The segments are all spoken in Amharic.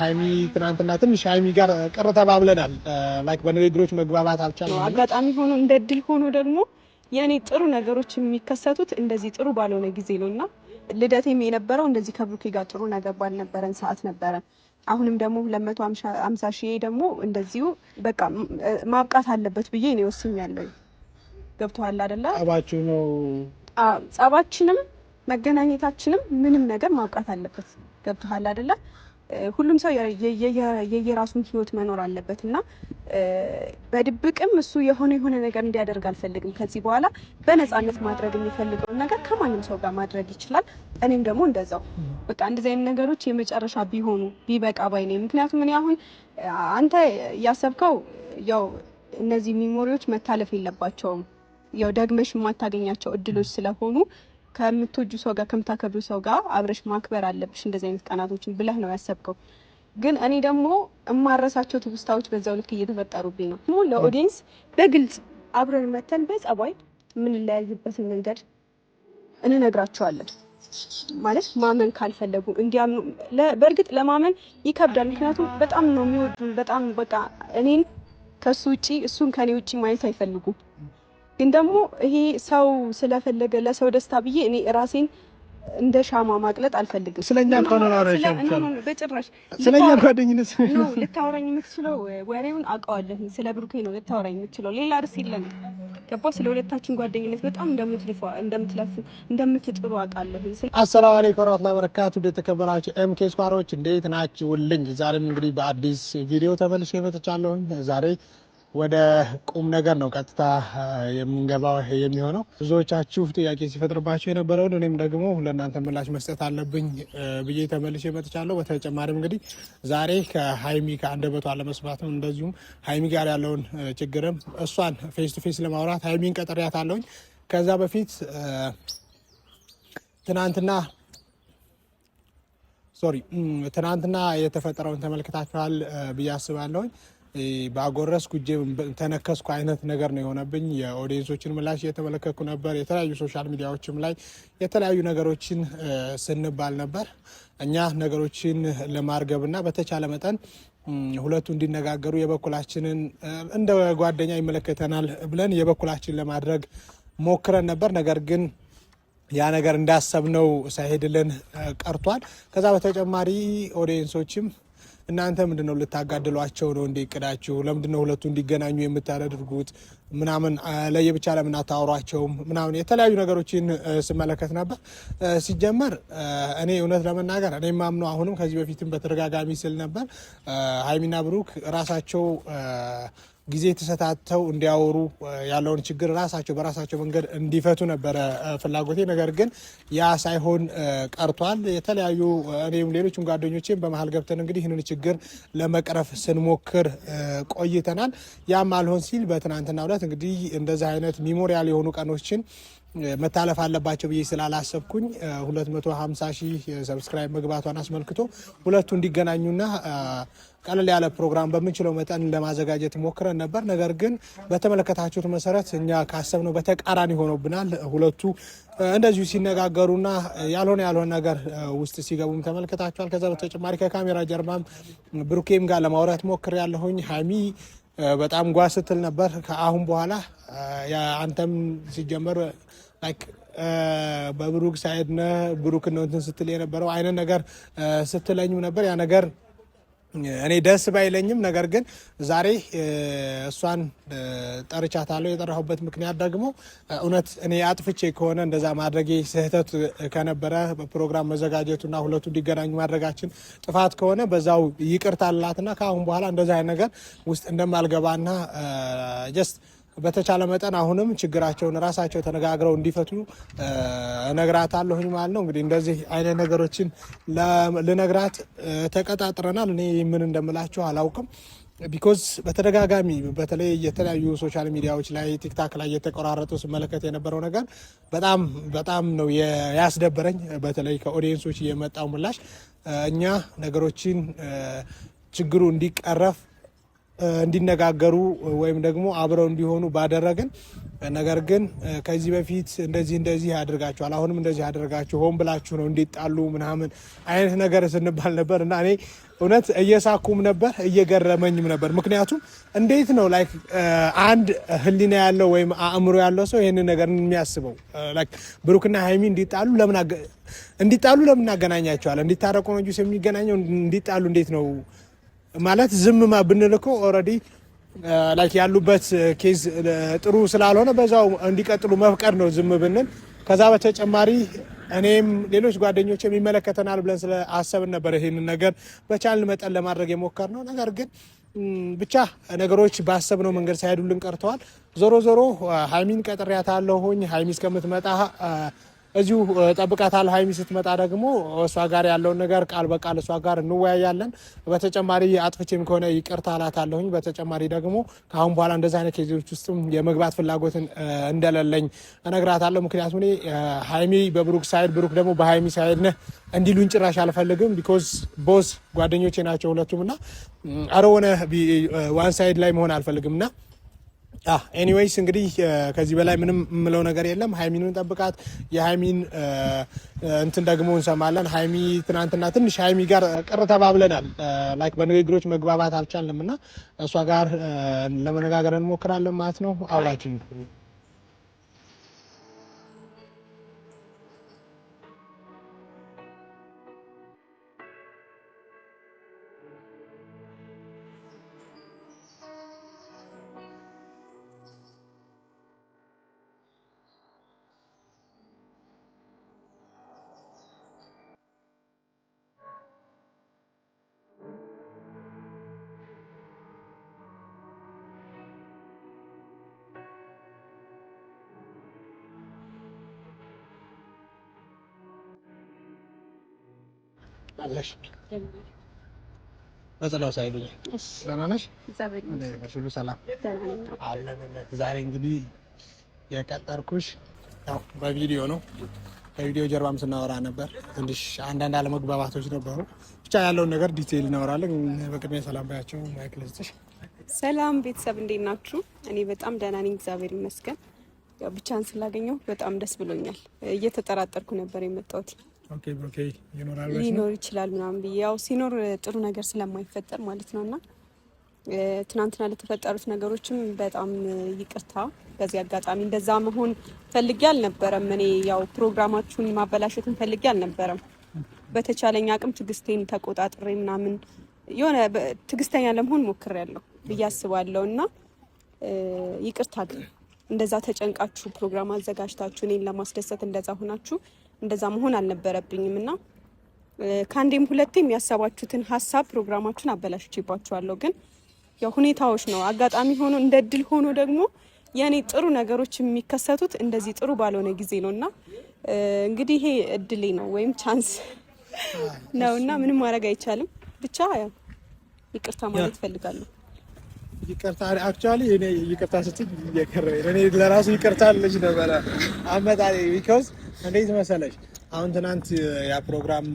ሀይሚ ትናንትና ትንሽ ሀይሚ ጋር ቅር ተባብለናል። ላይክ በንግግሮች መግባባት አልቻለም። አጋጣሚ ሆኖ እንደ ድል ሆኖ ደግሞ የኔ ጥሩ ነገሮች የሚከሰቱት እንደዚህ ጥሩ ባልሆነ ጊዜ ነው እና ልደቴም የነበረው እንደዚህ ከብሩኬ ጋር ጥሩ ነገር ባልነበረን ሰዓት ነበረ። አሁንም ደግሞ ሁለት መቶ ሀምሳ ሺህ ደግሞ እንደዚሁ በቃ ማብቃት አለበት ብዬ እኔ ወስኛለሁ። ገብቶሃል አይደለ? ጸባችሁ ነው ጸባችንም መገናኘታችንም ምንም ነገር ማብቃት አለበት። ገብቶሃል አይደለ? ሁሉም ሰው የየራሱን ህይወት መኖር አለበት እና በድብቅም እሱ የሆነ የሆነ ነገር እንዲያደርግ አልፈልግም። ከዚህ በኋላ በነፃነት ማድረግ የሚፈልገውን ነገር ከማንም ሰው ጋር ማድረግ ይችላል። እኔም ደግሞ እንደዛው በቃ እንደዚህ አይነት ነገሮች የመጨረሻ ቢሆኑ ቢበቃ ባይ ነኝ። ምክንያቱም እኔ አሁን አንተ ያሰብከው ያው እነዚህ ሚሞሪዎች መታለፍ የለባቸውም ያው ደግመሽ የማታገኛቸው እድሎች ስለሆኑ ከምትወጁ ሰው ጋር ከምታከብሩ ሰው ጋር አብረሽ ማክበር አለብሽ እንደዚህ አይነት ቀናቶችን ብለህ ነው ያሰብከው። ግን እኔ ደግሞ የማረሳቸው ትውስታዎች በዛው ልክ እየተፈጠሩብኝ ነው። ሁ ለኦዲየንስ በግልጽ አብረን መተን በጸባይ የምንለያይበትን መንገድ እንነግራቸዋለን። ማለት ማመን ካልፈለጉ እንዲያምኑ በእርግጥ ለማመን ይከብዳል። ምክንያቱም በጣም ነው የሚወዱ በጣም በቃ እኔን ከሱ ውጭ እሱን ከኔ ውጭ ማየት አይፈልጉም። ግን ደግሞ ይሄ ሰው ስለፈለገ ለሰው ደስታ ብዬ እኔ ራሴን እንደ ሻማ ማቅለጥ አልፈልግም። ስለኛ በጭራሽ ስለኛ ጓደኝነት ልታወራኝ የምትችለው። ወሬውን አውቀዋለሁ። ስለ ብሩኬ ነው ልታወራኝ የምትችለው። ሌላ ርስ የለም ገባ። ስለ ሁለታችን ጓደኝነት በጣም እንደምትልፋ እንደምትለፍ እንደምትጥሩ አውቃለሁ። አሰላሙ አለይኩም ወራህመቱላሂ ወበረካቱ። የተከበራችሁ ኤምኬ ስኳሮች እንዴት ናችሁልኝ? ዛሬም እንግዲህ በአዲስ ቪዲዮ ተመልሼ መጥቻለሁ። ዛሬ ወደ ቁም ነገር ነው ቀጥታ የምንገባው የሚሆነው። ብዙዎቻችሁ ጥያቄ ሲፈጥርባቸው የነበረውን እኔም ደግሞ ለእናንተ ምላሽ መስጠት አለብኝ ብዬ ተመልሼ መጥቻለሁ። በተጨማሪም እንግዲህ ዛሬ ከሀይሚ ከአንደበቷ ለመስማትም እንደዚሁም ሀይሚ ጋር ያለውን ችግርም እሷን ፌስ ቱ ፌስ ለማውራት ሀይሚን አለውኝ። ከዛ በፊት ትናንትና ሶሪ ትናንትና የተፈጠረውን ተመልክታችኋል ብዬ አስባለሁኝ። ባጎረስኩ እጄ ተነከስኩ አይነት ነገር ነው የሆነብኝ። የኦዲየንሶችን ምላሽ እየተመለከትኩ ነበር። የተለያዩ ሶሻል ሚዲያዎችም ላይ የተለያዩ ነገሮችን ስንባል ነበር። እኛ ነገሮችን ለማርገብና በተቻለ መጠን ሁለቱ እንዲነጋገሩ የበኩላችንን እንደ ጓደኛ ይመለከተናል ብለን የበኩላችን ለማድረግ ሞክረን ነበር ነገር ግን ያ ነገር እንዳሰብነው ሳይሄድልን ቀርቷል። ከዛ በተጨማሪ ኦዲየንሶችም እናንተ ምንድነው ልታጋድሏቸው ነው እንደ ይቅዳችሁ? ለምንድነው ሁለቱ እንዲገናኙ የምታደርጉት? ምናምን ለየብቻ ለምን አታወሯቸውም? ምናምን የተለያዩ ነገሮችን ስመለከት ነበር። ሲጀመር እኔ እውነት ለመናገር እኔ ማምነው አሁንም ከዚህ በፊትም በተደጋጋሚ ስል ነበር ሀይሚና ብሩክ ራሳቸው ጊዜ ተሰታተው እንዲያወሩ ያለውን ችግር ራሳቸው በራሳቸው መንገድ እንዲፈቱ ነበረ ፍላጎቴ። ነገር ግን ያ ሳይሆን ቀርቷል። የተለያዩ እኔም ሌሎችም ጓደኞቼም በመሀል ገብተን እንግዲህ ይህንን ችግር ለመቅረፍ ስንሞክር ቆይተናል። ያም አልሆን ሲል በትናንትናው ዕለት እንግዲህ እንደዚህ አይነት ሚሞሪያል የሆኑ ቀኖችን መታለፍ አለባቸው ብዬ ስላላሰብኩኝ 250 ሺህ ሰብስክራይብ መግባቷን አስመልክቶ ሁለቱ እንዲገናኙና ቀለል ያለ ፕሮግራም በምንችለው መጠን ለማዘጋጀት ሞክረን ነበር። ነገር ግን በተመለከታችሁት መሰረት እኛ ካሰብነው በተቃራኒ ሆኖብናል። ሁለቱ እንደዚሁ ሲነጋገሩና ያልሆነ ያልሆነ ነገር ውስጥ ሲገቡም ተመልክታችኋል። ከዛ በተጨማሪ ከካሜራ ጀርባም ብሩኬም ጋር ለማውራት ያለሁኝ ሀሚ በጣም ጓ ስትል ነበር። ከአሁን በኋላ አንተም ሲጀመር በብሩክ ሳይድ ነህ ብሩክ ነው እንትን ስትል የነበረው አይነት ነገር ስትለኝም ነበር ያ ነገር እኔ ደስ ባይለኝም ነገር ግን ዛሬ እሷን ጠርቻታለሁ። የጠራሁበት ምክንያት ደግሞ እውነት እኔ አጥፍቼ ከሆነ እንደዛ ማድረጌ ስህተት ከነበረ ፕሮግራም መዘጋጀቱና ሁለቱ እንዲገናኙ ማድረጋችን ጥፋት ከሆነ በዛው ይቅርታ አላትና ከአሁን በኋላ እንደዛ ነገር ውስጥ እንደማልገባና ጀስት በተቻለ መጠን አሁንም ችግራቸውን ራሳቸው ተነጋግረው እንዲፈቱ እነግራታለሁኝ ማለት ነው። እንግዲህ እንደዚህ አይነት ነገሮችን ልነግራት ተቀጣጥረናል። እኔ ምን እንደምላችሁ አላውቅም። ቢኮዝ በተደጋጋሚ በተለይ የተለያዩ ሶሻል ሚዲያዎች ላይ ቲክታክ ላይ የተቆራረጡ ስመለከት የነበረው ነገር በጣም በጣም ነው ያስደበረኝ። በተለይ ከኦዲየንሶች የመጣው ምላሽ እኛ ነገሮችን ችግሩ እንዲቀረፍ እንዲነጋገሩ ወይም ደግሞ አብረው እንዲሆኑ ባደረግን። ነገር ግን ከዚህ በፊት እንደዚህ እንደዚህ ያደርጋችኋል፣ አሁንም እንደዚህ ያደርጋችሁ ሆን ብላችሁ ነው እንዲጣሉ ምናምን አይነት ነገር ስንባል ነበር እና እኔ እውነት እየሳኩም ነበር እየገረመኝም ነበር። ምክንያቱም እንዴት ነው ላይክ አንድ ህሊና ያለው ወይም አእምሮ ያለው ሰው ይህንን ነገር የሚያስበው ላይክ ብሩክና ሀይሚ እንዲጣሉ ለምን እንዲጣሉ ለምን አገናኛቸዋል? እንዲታረቁ ነው እንጂ የሚገናኘው እንዲጣሉ እንዴት ነው ማለት ዝምማ ብንል እኮ ኦልሬዲ ላይክ ያሉበት ኬዝ ጥሩ ስላልሆነ በዛው እንዲቀጥሉ መፍቀድ ነው ዝም ብንል። ከዛ በተጨማሪ እኔም ሌሎች ጓደኞችም ይመለከተናል ብለን ስለ አሰብን ነበር ይህንን ነገር በቻልን መጠን ለማድረግ የሞከር ነው። ነገር ግን ብቻ ነገሮች ባሰብነው መንገድ ሳይሄዱልን ቀርተዋል። ዞሮ ዞሮ ሀይሚን ቀጥሬያታለሁኝ ሀይሚ እስከምትመጣ እዚሁ ጠብቃታል። ሀይሚ ስትመጣ ደግሞ እሷ ጋር ያለውን ነገር ቃል በቃል እሷ ጋር እንወያያለን። በተጨማሪ አጥፍቼም ከሆነ ይቅርታ እላታለሁኝ። በተጨማሪ ደግሞ ከአሁን በኋላ እንደዚ አይነት ኬዞች ውስጥም የመግባት ፍላጎትን እንደሌለኝ እነግራታለሁ። ምክንያቱም እኔ ሀይሚ በብሩክ ሳይድ፣ ብሩክ ደግሞ በሀይሚ ሳይድ ነህ እንዲሉን ጭራሽ አልፈልግም። ቢኮዝ ቦዝ ጓደኞቼ ናቸው ሁለቱም እና አረሆነ ዋን ሳይድ ላይ መሆን አልፈልግም እና ኤኒዌይስ እንግዲህ ከዚህ በላይ ምንም የምለው ነገር የለም። ሀይሚንን ጠብቃት። የሀይሚን እንትን ደግሞ እንሰማለን። ሀይሚ ትናንትና ትንሽ ሀይሚ ጋር ቅር ተባብለናል። ላይክ በንግግሮች መግባባት አልቻልንም እና እሷ ጋር ለመነጋገር እንሞክራለን ማለት ነው አውላችን አለሽ? በጸሎት ሳይሉኝ ደህና ነሽ? ሁሉ ሰላም አለንለት። ዛሬ እንግዲህ የቀጠርኩሽ ያው በቪዲዮ ነው። ከቪዲዮ ጀርባም ስናወራ ነበር። ትንሽ አንዳንድ አለመግባባቶች ነበሩ። ብቻ ያለውን ነገር ዲቴይል እናወራለን። በቅድሚያ ሰላም ባያቸው ማይክል ስጥሽ። ሰላም ቤተሰብ እንዴት ናችሁ? እኔ በጣም ደህና ነኝ፣ እግዚአብሔር ይመስገን። ያው ብቻን ስላገኘሁ በጣም ደስ ብሎኛል። እየተጠራጠርኩ ነበር የመጣሁት ሊኖር ይችላል ምናምን ብዬ ያው ሲኖር ጥሩ ነገር ስለማይፈጠር ማለት ነው። እና ትናንትና ለተፈጠሩት ነገሮችም በጣም ይቅርታ በዚህ አጋጣሚ እንደዛ መሆን ፈልጌ አልነበረም። እኔ ያው ፕሮግራማችሁን ማበላሸትን ፈልጌ አልነበረም። በተቻለኝ አቅም ትግስቴን ተቆጣጥሬ ምናምን የሆነ ትግስተኛ ለመሆን ሞክሬያለሁ ብዬ አስባለሁ እና ይቅርታ ግን እንደዛ ተጨንቃችሁ ፕሮግራም አዘጋጅታችሁ እኔን ለማስደሰት እንደዛ ሆናችሁ እንደዛ መሆን አልነበረብኝም እና ከአንዴም ሁለቴ የሚያሰባችሁትን ሀሳብ ፕሮግራማችን አበላሽቼባችኋለሁ። ግን ያው ሁኔታዎች ነው። አጋጣሚ ሆኖ እንደ እድል ሆኖ ደግሞ የእኔ ጥሩ ነገሮች የሚከሰቱት እንደዚህ ጥሩ ባልሆነ ጊዜ ነው እና እንግዲህ ይሄ እድሌ ነው ወይም ቻንስ ነው እና ምንም ማድረግ አይቻልም። ብቻ ይቅርታ ማለት እፈልጋለሁ። ይቅርታ አክቹዋሊ እኔ ይቅርታ ስትይ እየከረበኝ እኔ ለራሱ ይቅርታ ልጅ ነበረ አመጣ ቢኮዝ እንዴት መሰለሽ አሁን ትናንት ያ ፕሮግራም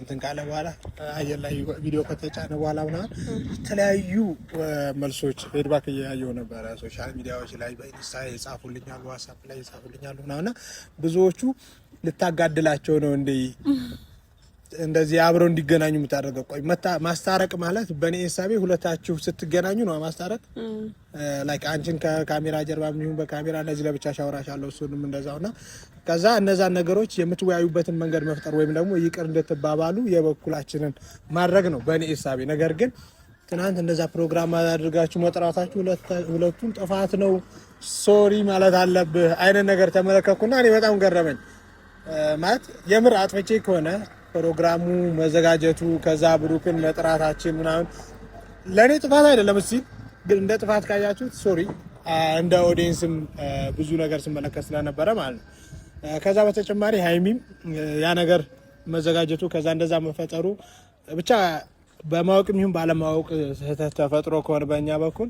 እንትን ካለ በኋላ አየር ላይ ቪዲዮ ከተጫነ በኋላ ምናምን የተለያዩ መልሶች ፌድባክ እያየው ነበረ። ሶሻል ሚዲያዎች ላይ በኢንስታ የጻፉልኛሉ፣ ዋትሳፕ ላይ የጻፉልኛሉ ምናምና ብዙዎቹ ልታጋድላቸው ነው እንዴ እንደዚህ አብረው እንዲገናኙ የምታደርገው። ቆይ ማስታረቅ ማለት በእኔ ሳቤ ሁለታችሁ ስትገናኙ ነው ማስታረቅ። ላይክ አንቺን ከካሜራ ጀርባ ይሁን በካሜራ እነዚህ ለብቻ ሻውራሽ አለው እሱንም እንደዛው ና ከዛ እነዛን ነገሮች የምትወያዩበትን መንገድ መፍጠር ወይም ደግሞ ይቅር እንድትባባሉ የበኩላችንን ማድረግ ነው በእኔ ሳቤ። ነገር ግን ትናንት እንደዛ ፕሮግራም አድርጋችሁ መጥራታችሁ ሁለቱም ጥፋት ነው ሶሪ ማለት አለብህ አይነት ነገር ተመለከትኩና እኔ በጣም ገረመኝ። ማለት የምር አጥፍቼ ከሆነ ፕሮግራሙ መዘጋጀቱ ከዛ ብሩክን መጥራታችን ምናምን ለእኔ ጥፋት አይደለም ሲል ግን እንደ ጥፋት ካያችሁት ሶሪ እንደ ኦዲየንስም ብዙ ነገር ስመለከት ስለነበረ ማለት ነው። ከዛ በተጨማሪ ሀይሚም ያ ነገር መዘጋጀቱ ከዛ እንደዛ መፈጠሩ ብቻ በማወቅ ይሁን ባለማወቅ ስህተት ተፈጥሮ ከሆነ በእኛ በኩል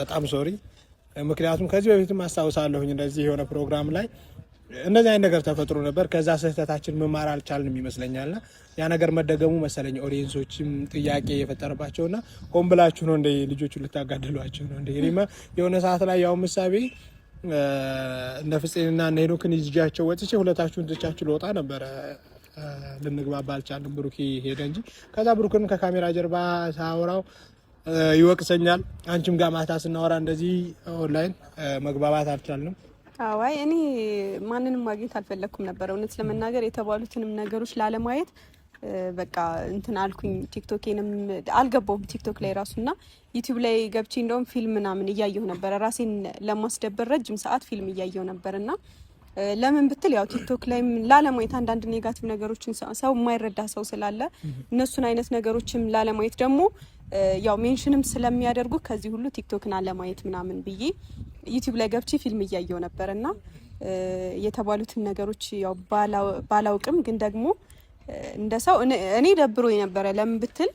በጣም ሶሪ። ምክንያቱም ከዚህ በፊትም አስታውሳለሁኝ እንደዚህ የሆነ ፕሮግራም ላይ እንደዚህ አይነት ነገር ተፈጥሮ ነበር። ከዛ ስህተታችን መማር አልቻልንም ይመስለኛልና ያ ነገር መደገሙ መሰለኝ ኦዲየንሶችም ጥያቄ የፈጠረባቸውና ሆን ብላችሁ ነው እንደ ልጆቹ ልታጋደሏቸው ነው እንደ ሪማ የሆነ ሰዓት ላይ ያው ምሳቤ እነ ፍፄንና እነ ሄኖክን ይዣቸው ወጥቼ ሁለታችሁን ትቻችሁ ልወጣ ነበረ። ልንግባባ አልቻልንም። ብሩክ ሄደ እንጂ ከዛ ብሩክን ከካሜራ ጀርባ ሳውራው ይወቅሰኛል። አንቺም ጋር ማታ ስናወራ እንደዚህ ኦንላይን መግባባት አልቻልንም። አዋይ እኔ ማንንም ማግኘት አልፈለኩም ነበር እውነት ለመናገር የተባሉትንም ነገሮች ላለማየት በቃ እንትን አልኩኝ። ቲክቶኬንም አልገባውም ቲክቶክ ላይ ራሱና ዩቲዩብ ላይ ገብቼ እንደውም ፊልም ምናምን እያየሁ ነበር። ራሴን ለማስደበር ረጅም ሰዓት ፊልም እያየሁ ነበር እና ለምን ብትል ያው ቲክቶክ ላይ ላለማየት አንዳንድ ኔጋቲቭ ነገሮችን ሰው የማይረዳ ሰው ስላለ እነሱን አይነት ነገሮችም ላለማየት ደግሞ ያው ሜንሽንም ስለሚያደርጉ ከዚህ ሁሉ ቲክቶክን አለማየት ምናምን ብዬ ዩቲዩብ ላይ ገብቼ ፊልም እያየው ነበር እና የተባሉትን ነገሮች ያው ባላውቅም ግን ደግሞ እንደ ሰው እኔ ደብሮ ነበረ ለምን ብትል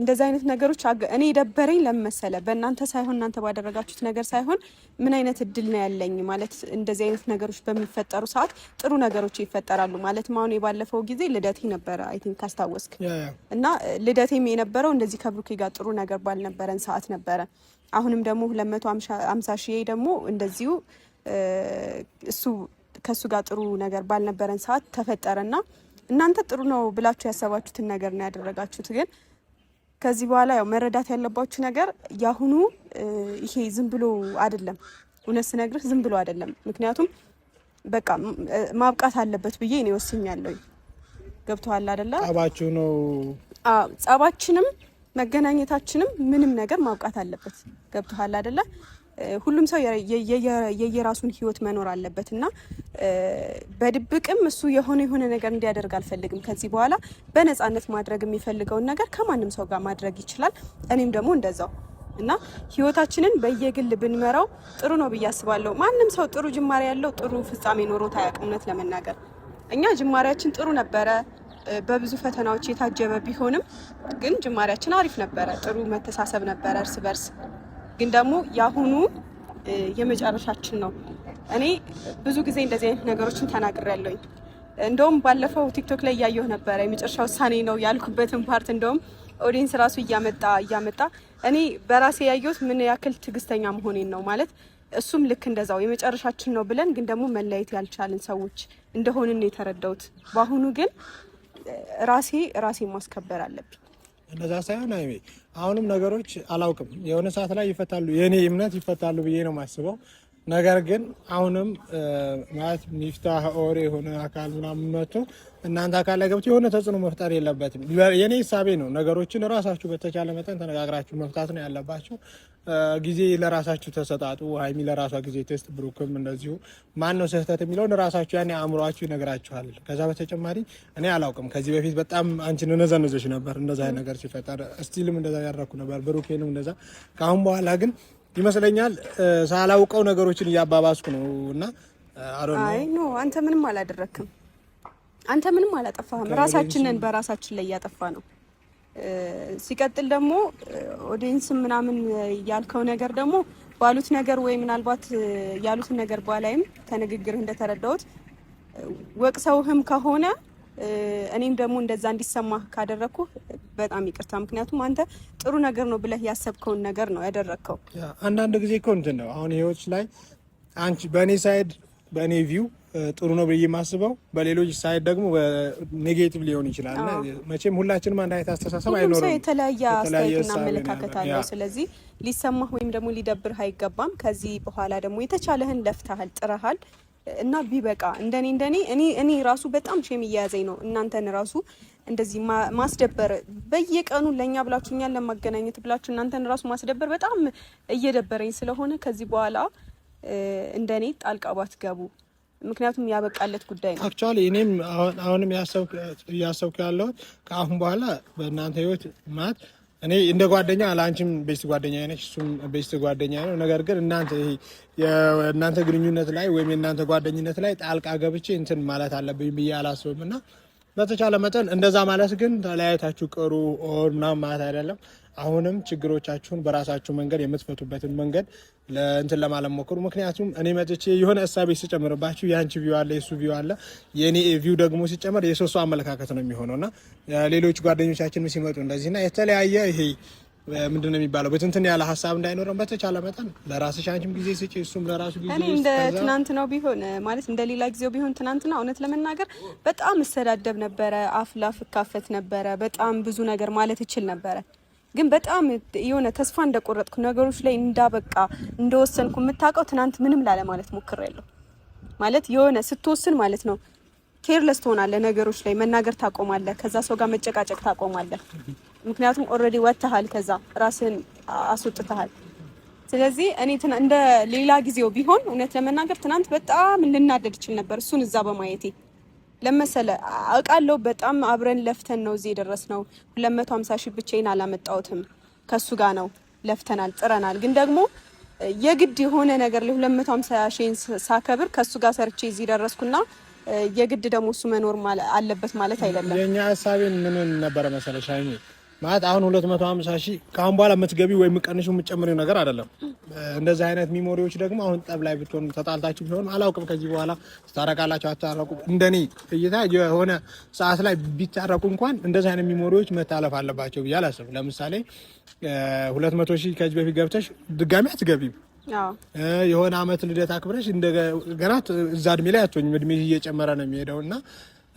እንደዚህ አይነት ነገሮች እኔ የደበረኝ ለመሰለ በእናንተ ሳይሆን እናንተ ባደረጋችሁት ነገር ሳይሆን ምን አይነት እድል ነው ያለኝ ማለት እንደዚህ አይነት ነገሮች በሚፈጠሩ ሰዓት ጥሩ ነገሮች ይፈጠራሉ ማለት። አሁን የባለፈው ጊዜ ልደቴ ነበረ አይ ቲንክ ካስታወስክ፣ እና ልደቴም የነበረው እንደዚህ ከብሩኬ ጋር ጥሩ ነገር ባልነበረን ሰዓት ነበረ። አሁንም ደግሞ ሁለት መቶ ሀምሳ ደግሞ እንደዚሁ እሱ ከእሱ ጋር ጥሩ ነገር ባልነበረን ሰዓት ተፈጠረና እናንተ ጥሩ ነው ብላችሁ ያሰባችሁትን ነገር ነው ያደረጋችሁት። ግን ከዚህ በኋላ ያው መረዳት ያለባችሁ ነገር ያሁኑ ይሄ ዝም ብሎ አይደለም። እውነት ስነግርህ ዝም ብሎ አይደለም። ምክንያቱም በቃ ማብቃት አለበት ብዬ እኔ ወስኛለሁ። ገብተዋል አደለ? ጸባችሁ ነው። ጸባችንም መገናኘታችንም ምንም ነገር ማብቃት አለበት። ገብቶሃል አደለ። ሁሉም ሰው የየራሱን ህይወት መኖር አለበት እና በድብቅም እሱ የሆነ የሆነ ነገር እንዲያደርግ አልፈልግም። ከዚህ በኋላ በነፃነት ማድረግ የሚፈልገውን ነገር ከማንም ሰው ጋር ማድረግ ይችላል። እኔም ደግሞ እንደዛው እና ህይወታችንን በየግል ብንመራው ጥሩ ነው ብዬ አስባለሁ። ማንም ሰው ጥሩ ጅማሬ ያለው ጥሩ ፍጻሜ ኖሮት አያውቅም። እውነት ለመናገር እኛ ጅማሬያችን ጥሩ ነበረ በብዙ ፈተናዎች የታጀበ ቢሆንም ግን ጅማሬያችን አሪፍ ነበረ። ጥሩ መተሳሰብ ነበረ እርስ በርስ ግን ደግሞ የአሁኑ የመጨረሻችን ነው። እኔ ብዙ ጊዜ እንደዚህ አይነት ነገሮችን ተናግሬያለሁኝ። እንደውም ባለፈው ቲክቶክ ላይ እያየሁ ነበረ የመጨረሻ ውሳኔ ነው ያልኩበትን ፓርት እንደውም ኦዲንስ ራሱ እያመጣ እያመጣ እኔ በራሴ ያየሁት ምን ያክል ትዕግስተኛ መሆኔን ነው ማለት እሱም ልክ እንደዛው የመጨረሻችን ነው ብለን ግን ደግሞ መለየት ያልቻልን ሰዎች እንደሆንን የተረዳሁት። በአሁኑ ግን ራሴ ራሴ ማስከበር አለብኝ። እነዛ ሳይሆን አሁንም ነገሮች አላውቅም የሆነ ሰዓት ላይ ይፈታሉ፣ የእኔ እምነት ይፈታሉ ብዬ ነው የማስበው። ነገር ግን አሁንም ማለት ሚፍታህ ኦር የሆነ አካል ምናምን መጥቶ እናንተ አካል ላይ ገብቶ የሆነ ተጽዕኖ መፍጠር የለበትም። የኔ ሳቤ ነው። ነገሮችን ራሳችሁ በተቻለ መጠን ተነጋግራችሁ መፍታት ነው ያለባችሁ። ጊዜ ለራሳችሁ ተሰጣጡ። ሀይሚ ለራሷ ጊዜ ቴስት፣ ብሩክም እንደዚሁ። ማን ነው ስህተት የሚለውን ራሳችሁ ያኔ አእምሯችሁ ይነግራችኋል። ከዛ በተጨማሪ እኔ አላውቅም። ከዚህ በፊት በጣም አንቺን ነዘነዞች ነበር እንደዛ ነገር ሲፈጠር፣ ስቲልም እንደዛ ያደረኩ ነበር፣ ብሩኬንም እንደዛ። ከአሁን በኋላ ግን ይመስለኛል ሳላውቀው ነገሮችን እያባባስኩ ነው እና አይ ኖ አንተ ምንም አላደረክም። አንተ ምንም አላጠፋህም። ራሳችንን በራሳችን ላይ እያጠፋ ነው። ሲቀጥል ደግሞ ኦዲንስ ምናምን ያልከው ነገር ደግሞ ባሉት ነገር ወይ ምናልባት ያሉትን ነገር በኋላይም ከንግግርህ እንደተረዳሁት ወቅሰውህም ከሆነ እኔም ደግሞ እንደዛ እንዲሰማ ካደረግኩ በጣም ይቅርታ። ምክንያቱም አንተ ጥሩ ነገር ነው ብለህ ያሰብከውን ነገር ነው ያደረግከው። አንዳንድ ጊዜ እኮ እንትን ነው አሁን ህይወት ላይ አንቺ በእኔ ሳይድ በእኔ ቪው ጥሩ ነው ብዬ የማስበው በሌሎች ሳይድ ደግሞ ኔጌቲቭ ሊሆን ይችላል። መቼም ሁላችንም አንድ አይነት አስተሳሰብ አይኖርም፣ የተለያየ አስተያየትና አመለካከት አለው። ስለዚህ ሊሰማህ ወይም ደግሞ ሊደብርህ አይገባም። ከዚህ በኋላ ደግሞ የተቻለህን ለፍተሃል፣ ጥረሃል እና ቢበቃ እንደኔ እንደኔ እኔ እኔ ራሱ በጣም ሼም እየያዘኝ ነው። እናንተን ራሱ እንደዚህ ማስደበር በየቀኑ ለእኛ ብላችሁ እኛን ለማገናኘት ብላችሁ እናንተን ራሱ ማስደበር በጣም እየደበረኝ ስለሆነ ከዚህ በኋላ እንደኔ ጣልቃ ባትገቡ፣ ምክንያቱም ያበቃለት ጉዳይ ነው። አክቹዋሊ እኔም አሁንም እያሰብኩ ያለሁት ከአሁን በኋላ በእናንተ ህይወት ማለት እኔ እንደ ጓደኛ ለአንቺም ቤስት ጓደኛ ነች፣ እሱም ቤስት ጓደኛ ነው። ነገር ግን እናንተ የእናንተ ግንኙነት ላይ ወይም የእናንተ ጓደኝነት ላይ ጣልቃ ገብቼ እንትን ማለት አለብኝ ብዬ አላስብም እና በተቻለ መጠን እንደዛ ማለት ግን ተለያየታችሁ ቅሩ ኦር ምናምን ማለት አይደለም። አሁንም ችግሮቻችሁን በራሳችሁ መንገድ የምትፈቱበትን መንገድ ለእንትን ለማለት ሞክሩ። ምክንያቱም እኔ መጥቼ የሆነ እሳቤ ሲጨምርባችሁ የአንቺ ቪው አለ የሱ ቪው አለ የእኔ ቪው ደግሞ ሲጨምር የሶስቱ አመለካከት ነው የሚሆነው እና ሌሎች ጓደኞቻችን ሲመጡ እንደዚህና የተለያየ ይሄ ምንድነው የሚባለው በትንትን ያለ ሀሳብ እንዳይኖረን በተቻለ መጠን ለራስሽ አንቺም ጊዜ ስጪ፣ እሱም ለራሱ ጊዜ። እኔ እንደ ትናንት ነው ቢሆን ማለት እንደ ሌላ ጊዜው ቢሆን ትናንትና እውነት ለመናገር በጣም እሰዳደብ ነበረ፣ አፍ ላፍ እካፈት ነበረ፣ በጣም ብዙ ነገር ማለት እችል ነበረ። ግን በጣም የሆነ ተስፋ እንደቆረጥኩ ነገሮች ላይ እንዳበቃ እንደወሰንኩ የምታውቀው ትናንት ምንም ላለ ማለት ሞክሬያለሁ። ማለት የሆነ ስትወስን ማለት ነው ኬርለስ ትሆናለህ፣ ነገሮች ላይ መናገር ታቆማለህ፣ ከዛ ሰው ጋር መጨቃጨቅ ታቆማለህ። ምክንያቱም ኦልሬዲ ወጥተሃል፣ ከዛ ራስን አስወጥተሃል። ስለዚህ እኔ እንደ ሌላ ጊዜው ቢሆን እውነት ለመናገር ትናንት በጣም ልናደድ ችል ነበር። እሱን እዛ በማየቴ ለመሰለ አውቃለሁ። በጣም አብረን ለፍተን ነው እዚህ የደረስነው። ሀምሳ ሺህ ብቻዬን አላመጣሁትም። ከሱ ጋር ነው ለፍተናል፣ ጥረናል። ግን ደግሞ የግድ የሆነ ነገር ለ ሀምሳ ሺህን ሳከብር ከሱ ጋር ሰርቼ እዚህ ደረስኩና የግድ ደግሞ እሱ መኖር አለበት ማለት አይደለም። የእኛ ሀሳቤን ምን ነበረ መሰለሽ ማለት አሁን 250 ሺ ከአሁን በኋላ የምትገቢ ወይም የምትቀንሹ የምትጨምሪው ነገር አይደለም። እንደዚህ አይነት ሚሞሪዎች ደግሞ አሁን ጠብ ላይ ብትሆኑ ተጣልታችሁ ቢሆን አላውቅም፣ ከዚህ በኋላ ትታረቃላችሁ አታረቁ፣ እንደኔ እይታ የሆነ ሰዓት ላይ ቢታረቁ እንኳን እንደዚህ አይነት ሚሞሪዎች መታለፍ አለባቸው ብዬ አላስብም። ለምሳሌ 200 ሺ ከዚህ በፊት ገብተሽ ድጋሚ አትገቢም። የሆነ አመት ልደት አክብረሽ እንደገና እዛ እድሜ ላይ አትሆኝም። እድሜ እየጨመረ ነው የሚሄደው እና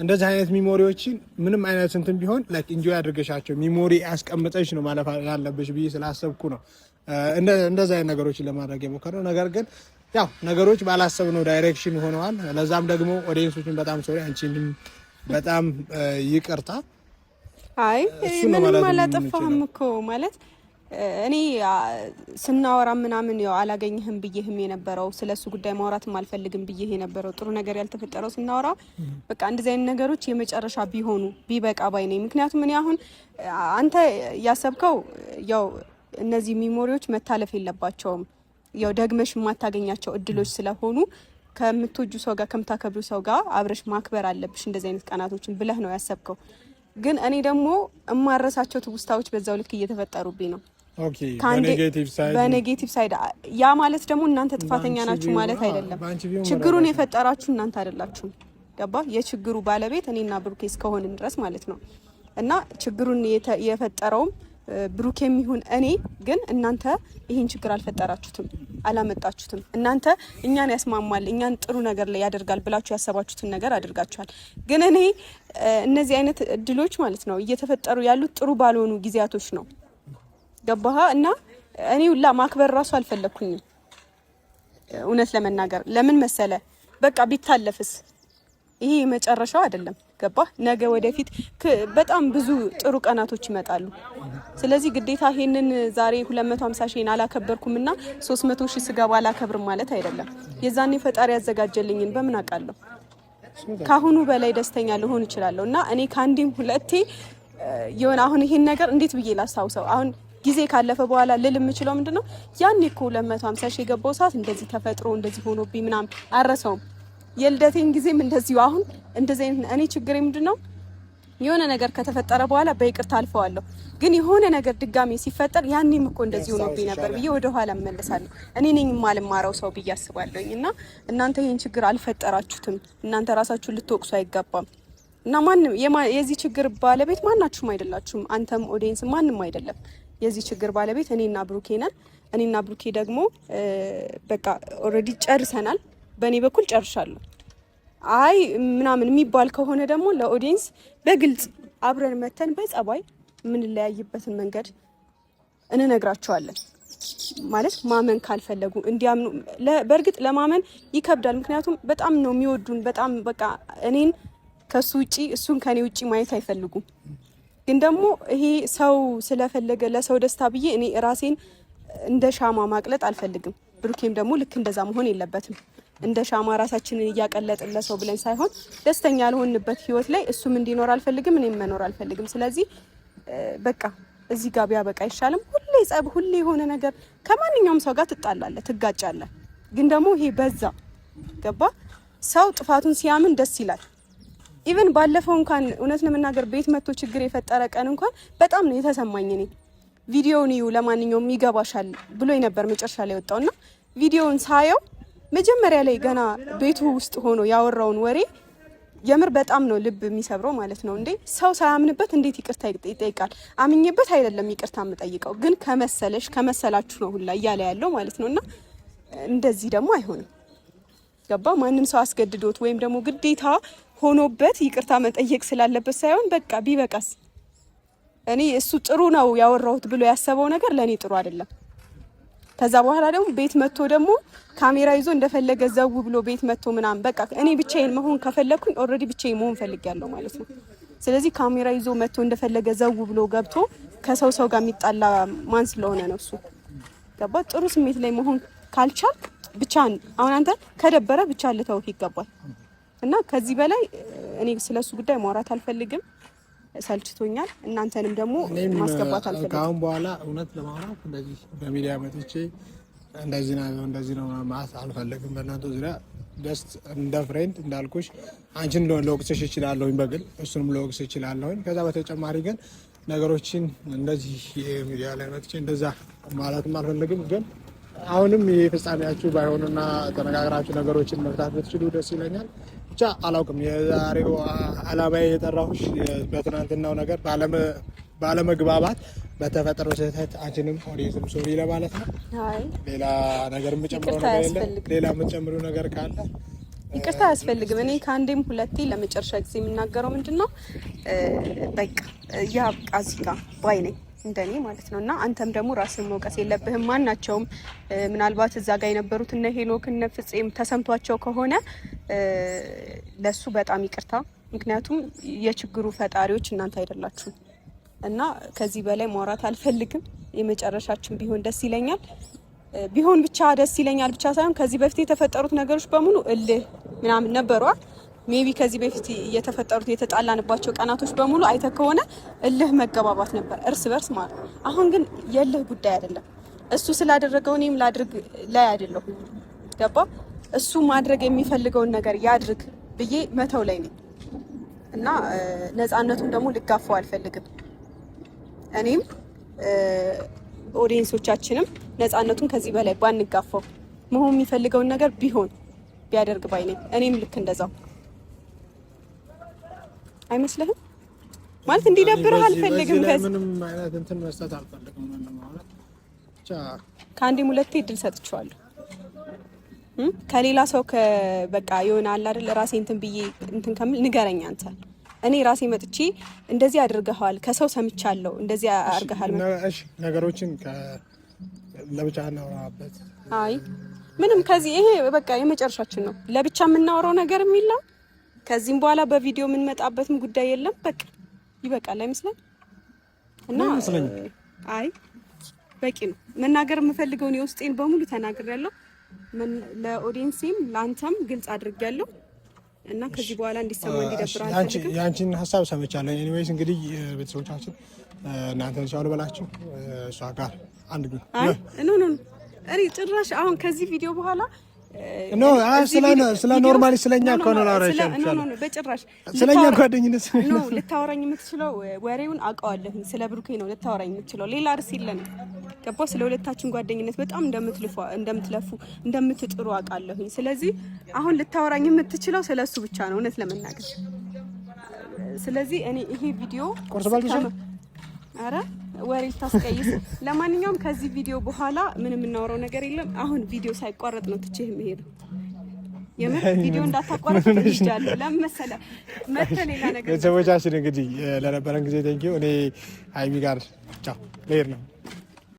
እንደዚህ አይነት ሚሞሪዎችን ምንም አይነት እንትን ቢሆን ላይክ ኢንጆይ አድርገሻቸው ሚሞሪ ያስቀምጠች ነው ማለፍ ያለብሽ ብዬ ስላሰብኩ ነው እንደዚህ አይነት ነገሮችን ለማድረግ የሞከረው። ነገር ግን ያው ነገሮች ባላሰብነው ዳይሬክሽን ሆነዋል። ለዛም ደግሞ ኦዲየንሶችን በጣም ሶሪ፣ አንቺንም በጣም ይቅርታ። አይ ምንም አላጠፋህም እኮ ማለት እኔ ስናወራ ምናምን ያው አላገኝህም ብዬህም የነበረው ስለ እሱ ጉዳይ ማውራትም አልፈልግም ብዬህ የነበረው ጥሩ ነገር ያልተፈጠረው ስናወራ በቃ እንደዚህ አይነት ነገሮች የመጨረሻ ቢሆኑ ቢበቃ ባይ ነኝ። ምክንያቱም እኔ አሁን አንተ ያሰብከው ያው እነዚህ ሚሞሪዎች መታለፍ የለባቸውም ያው ደግመሽ የማታገኛቸው እድሎች ስለሆኑ ከምትወጁ ሰው ጋር ከምታከብሩ ሰው ጋር አብረሽ ማክበር አለብሽ እንደዚህ አይነት ቀናቶችን ብለህ ነው ያሰብከው። ግን እኔ ደግሞ እማረሳቸው ትውስታዎች በዛው ልክ እየተፈጠሩብኝ ነው። በኔጌቲቭ ሳይድ ያ ማለት ደግሞ እናንተ ጥፋተኛ ናችሁ ማለት አይደለም። ችግሩን የፈጠራችሁ እናንተ አይደላችሁም። ገባ? የችግሩ ባለቤት እኔና ብሩኬ እስከሆንን ድረስ ማለት ነው። እና ችግሩን የፈጠረውም ብሩኬ የሚሆን እኔ፣ ግን እናንተ ይህን ችግር አልፈጠራችሁትም፣ አላመጣችሁትም። እናንተ እኛን ያስማማል፣ እኛን ጥሩ ነገር ላይ ያደርጋል ብላችሁ ያሰባችሁትን ነገር አድርጋችኋል። ግን እኔ እነዚህ አይነት እድሎች ማለት ነው እየተፈጠሩ ያሉት ጥሩ ባልሆኑ ጊዜያቶች ነው ገባህ እና እኔ ሁላ ማክበር ራሱ አልፈለኩኝም። እውነት ለመናገር ለምን መሰለ፣ በቃ ቢታለፍስ ይሄ የመጨረሻው አይደለም። ገባ ነገ ወደፊት በጣም ብዙ ጥሩ ቀናቶች ይመጣሉ። ስለዚህ ግዴታ ይሄንን ዛሬ 250 ሺህን አላከበርኩም እና 300 ሺህ ስገባ አላከብርም ማለት አይደለም። የዛኔ ፈጣሪ ያዘጋጀልኝን በምን አውቃለሁ? ከአሁኑ በላይ ደስተኛ ልሆን እችላለሁ። እና እኔ ከአንዴም ሁለቴ የሆነ አሁን ይሄን ነገር እንዴት ብዬ ላስታውሰው አሁን ጊዜ ካለፈ በኋላ ልል የምችለው ምንድን ነው ያኔ እኮ ሀምሳ ሺህ የገባው ሰዓት እንደዚህ ተፈጥሮ እንደዚህ ሆኖብኝ ምናምን አረሰውም። የልደቴን ጊዜም እንደዚሁ አሁን እንደዚህ አይነት እኔ ችግሬ ምንድን ነው የሆነ ነገር ከተፈጠረ በኋላ በይቅርታ አልፈዋለሁ። ግን የሆነ ነገር ድጋሜ ሲፈጠር ያኔም እኮ እንደዚህ ሆኖብኝ ነበር ብዬ ወደ ኋላ እመለሳለሁ። እኔ ነኝ የማልማረው ሰው ብዬ አስባለሁኝ። እና እናንተ ይህን ችግር አልፈጠራችሁትም። እናንተ ራሳችሁን ልትወቅሱ አይገባም። እና ማንም የዚህ ችግር ባለቤት ማናችሁም አይደላችሁም። አንተም ኦዲየንስ ማንም አይደለም። የዚህ ችግር ባለቤት እኔና ብሩኬ ነን። እኔና ብሩኬ ደግሞ በቃ ኦልሬዲ ጨርሰናል። በእኔ በኩል ጨርሻለሁ። አይ ምናምን የሚባል ከሆነ ደግሞ ለኦዲየንስ በግልጽ አብረን መተን በጸባይ የምንለያይበትን መንገድ እንነግራቸዋለን። ማለት ማመን ካልፈለጉ እንዲያምኑ፣ በእርግጥ ለማመን ይከብዳል። ምክንያቱም በጣም ነው የሚወዱን። በጣም በቃ እኔን ከሱ ውጪ እሱን ከኔ ውጪ ማየት አይፈልጉም። ግን ደግሞ ይሄ ሰው ስለፈለገ ለሰው ደስታ ብዬ እኔ ራሴን እንደ ሻማ ማቅለጥ አልፈልግም። ብሩኬም ደግሞ ልክ እንደዛ መሆን የለበትም። እንደ ሻማ ራሳችንን እያቀለጥን ለሰው ብለን ሳይሆን ደስተኛ ያልሆንበት ህይወት ላይ እሱም እንዲኖር አልፈልግም፣ እኔም መኖር አልፈልግም። ስለዚህ በቃ እዚህ ጋር ቢያበቃ አይሻልም? ሁሌ ጸብ፣ ሁሌ የሆነ ነገር ከማንኛውም ሰው ጋር ትጣላለ፣ ትጋጫለ። ግን ደግሞ ይሄ በዛ ገባ። ሰው ጥፋቱን ሲያምን ደስ ይላል። ኢቨን ባለፈው እንኳን እውነት ለመናገር ቤት መጥቶ ችግር የፈጠረ ቀን እንኳን በጣም ነው የተሰማኝ። እኔ ቪዲዮውን እዩ ለማንኛውም ይገባሻል ብሎ ነበር መጨረሻ ላይ ወጣውና ቪዲዮውን ሳየው መጀመሪያ ላይ ገና ቤቱ ውስጥ ሆኖ ያወራውን ወሬ የምር በጣም ነው ልብ የሚሰብረው ማለት ነው። እንዴ ሰው ሳያምንበት እንዴት ይቅርታ ይጠይቃል? አምኜበት አይደለም ይቅርታ የምጠይቀው ግን ከመሰለሽ ከመሰላችሁ ነው ሁላ እያለ ያለው ማለት ነው። እና እንደዚህ ደግሞ አይሆንም። ገባ ማንም ሰው አስገድዶት ወይም ደግሞ ግዴታ ሆኖበት ይቅርታ መጠየቅ ስላለበት ሳይሆን በቃ ቢበቃስ። እኔ እሱ ጥሩ ነው ያወራሁት ብሎ ያሰበው ነገር ለእኔ ጥሩ አይደለም። ከዛ በኋላ ደግሞ ቤት መጥቶ ደግሞ ካሜራ ይዞ እንደፈለገ ዘው ብሎ ቤት መጥቶ ምናምን በቃ እኔ ብቻዬን መሆን ከፈለግኩኝ ኦልሬዲ ብቻዬን መሆን ፈልጌያለሁ ማለት ነው። ስለዚህ ካሜራ ይዞ መጥቶ እንደፈለገ ዘው ብሎ ገብቶ ከሰው ሰው ጋር የሚጣላ ማን ስለሆነ ነው እሱ ገባ። ጥሩ ስሜት ላይ መሆን ካልቻል ብቻ አሁን አንተ ከደበረ ብቻ ልተውት ይገባል። እና ከዚህ በላይ እኔ ስለ እሱ ጉዳይ ማውራት አልፈልግም። ሰልችቶኛል። እናንተንም ደግሞ ማስገባት አልፈልግም። ከአሁን በኋላ እውነት ለማውራት እንደዚህ በሚዲያ መጥቼ እንደዚህ ነው እንደዚህ ነው ማለት አልፈልግም። በእናንተ ዙሪያ ደስት እንደ ፍሬንድ እንዳልኩሽ አንቺን ለወቅስሽ ይችላለሁኝ፣ በግል እሱንም ለወቅስ ይችላለሁኝ። ከዛ በተጨማሪ ግን ነገሮችን እንደዚህ የሚዲያ ላይ መጥቼ እንደዛ ማለትም አልፈልግም ግን አሁንም ይህ ፍጻሜያችሁ ባይሆኑና ተነጋግራችሁ ነገሮችን መፍታት ብትችሉ ደስ ይለኛል። ብቻ አላውቅም። የዛሬው አላማ የጠራሁሽ በትናንትናው ነገር ባለመግባባት በተፈጠረው ስህተት አንቺንም ኦዲየንስም ሶሪ ለማለት ነው። ሌላ ነገር የምጨምረው ነገር የለ። ሌላ የምጨምሩ ነገር ካለ ይቅርታ አያስፈልግም። እኔ ከአንዴም ሁለቴ ለመጨረሻ ጊዜ የምናገረው ምንድን ነው፣ በቃ ያብቃ እዚህ ጋ ባይ ነኝ። እንደኔ ማለት ነው። እና አንተም ደግሞ ራስን መውቀስ የለብህም ማናቸውም። ምናልባት እዛ ጋር የነበሩት እነ ሄኖክ እነ ፍፄም ተሰምቷቸው ከሆነ ለሱ በጣም ይቅርታ። ምክንያቱም የችግሩ ፈጣሪዎች እናንተ አይደላችሁም። እና ከዚህ በላይ ማውራት አልፈልግም። የመጨረሻችን ቢሆን ደስ ይለኛል። ቢሆን ብቻ ደስ ይለኛል ብቻ ሳይሆን ከዚህ በፊት የተፈጠሩት ነገሮች በሙሉ እልህ ምናምን ነበሯል። ሜቢ ከዚህ በፊት የተፈጠሩት የተጣላንባቸው ቀናቶች በሙሉ አይተ ከሆነ እልህ መገባባት ነበር እርስ በርስ ማለት ነው። አሁን ግን የእልህ ጉዳይ አይደለም። እሱ ስላደረገው እኔም ላድርግ ላይ አይደለሁ። ገባ? እሱ ማድረግ የሚፈልገውን ነገር ያድርግ ብዬ መተው ላይ ነኝ እና ነፃነቱን ደግሞ ልጋፈው አልፈልግም። እኔም ኦዲየንሶቻችንም ነፃነቱን ከዚህ በላይ ባንጋፋው መሆን የሚፈልገውን ነገር ቢሆን ቢያደርግ ባይ ነኝ። እኔም ልክ እንደዛው አይመስልህም? ማለት እንዲደብርህ አልፈልግም። ምንም አይነት እንትን መስጠት አልፈልግም። ከአንዴም ሁለቴ እድል ሰጥቼዋለሁ። ከሌላ ሰው በቃ የሆነ አለ አይደል ራሴ እንትን ብዬ እንትን ከምል ንገረኝ አንተ። እኔ ራሴ መጥቼ እንደዚህ አድርገሃል፣ ከሰው ሰምቻለሁ፣ እንደዚህ አድርገሃል። ነገሮችን ለብቻ እናወራበት። አይ ምንም ከዚህ ይሄ በቃ የመጨረሻችን ነው። ለብቻ የምናወራው ነገር የሚለው ከዚህም በኋላ በቪዲዮ የምንመጣበትም ጉዳይ የለም። በቃ ይበቃል አይመስልም? እና አይ በቂ ነው። መናገር የምፈልገውን የውስጤን በሙሉ ተናግሬያለሁ። ለኦዲየንሴም ለአንተም ግልጽ አድርጌያለሁ እና ከዚህ በኋላ እንዲሰማ እንዲደብራ ያንቺን ሀሳብ ሰምቻለሁ። ኤኒዌይስ እንግዲህ ቤተሰቦቻችን እናንተ ቻሉ በላችሁ እሷ ጋር አንድ ግን ኖ ኖ ጭራሽ አሁን ከዚህ ቪዲዮ በኋላ ኖ ስለ ኖርማሊ ስለኛ ከሆነ በጭራሽ ስለኛ ጓደኝነት ኖ ልታወራኝ የምትችለው ወሬውን አውቀዋለሁ ስለ ብሩኬ ነው ልታወራኝ የምትችለው ሌላ እርስ የለንም። ገባ ስለ ሁለታችን ጓደኝነት በጣም እንደምትለፉ እንደምትጥሩ አውቃለሁኝ። ስለዚህ አሁን ልታወራኝ የምትችለው ስለ እሱ ብቻ ነው እውነት ለመናገር ስለዚህ እኔ ይሄ ቪዲዮ አረ ወሬ ልታስቀይስ። ለማንኛውም ከዚህ ቪዲዮ በኋላ ምን የምናወራው ነገር የለም። አሁን ቪዲዮ ሳይቋረጥ ነው ትቼ የምሄደው። የምር ቪዲዮ እንዳታቋረጥ ይጃለሁ። ለምን መሰለህ መጥተህ ሌላ ነገር ቤተሰቦቻችን እንግዲህ ለነበረን ጊዜ ቴንኪው። እኔ ሀይሚ ጋር ቻው ልሄድ ነው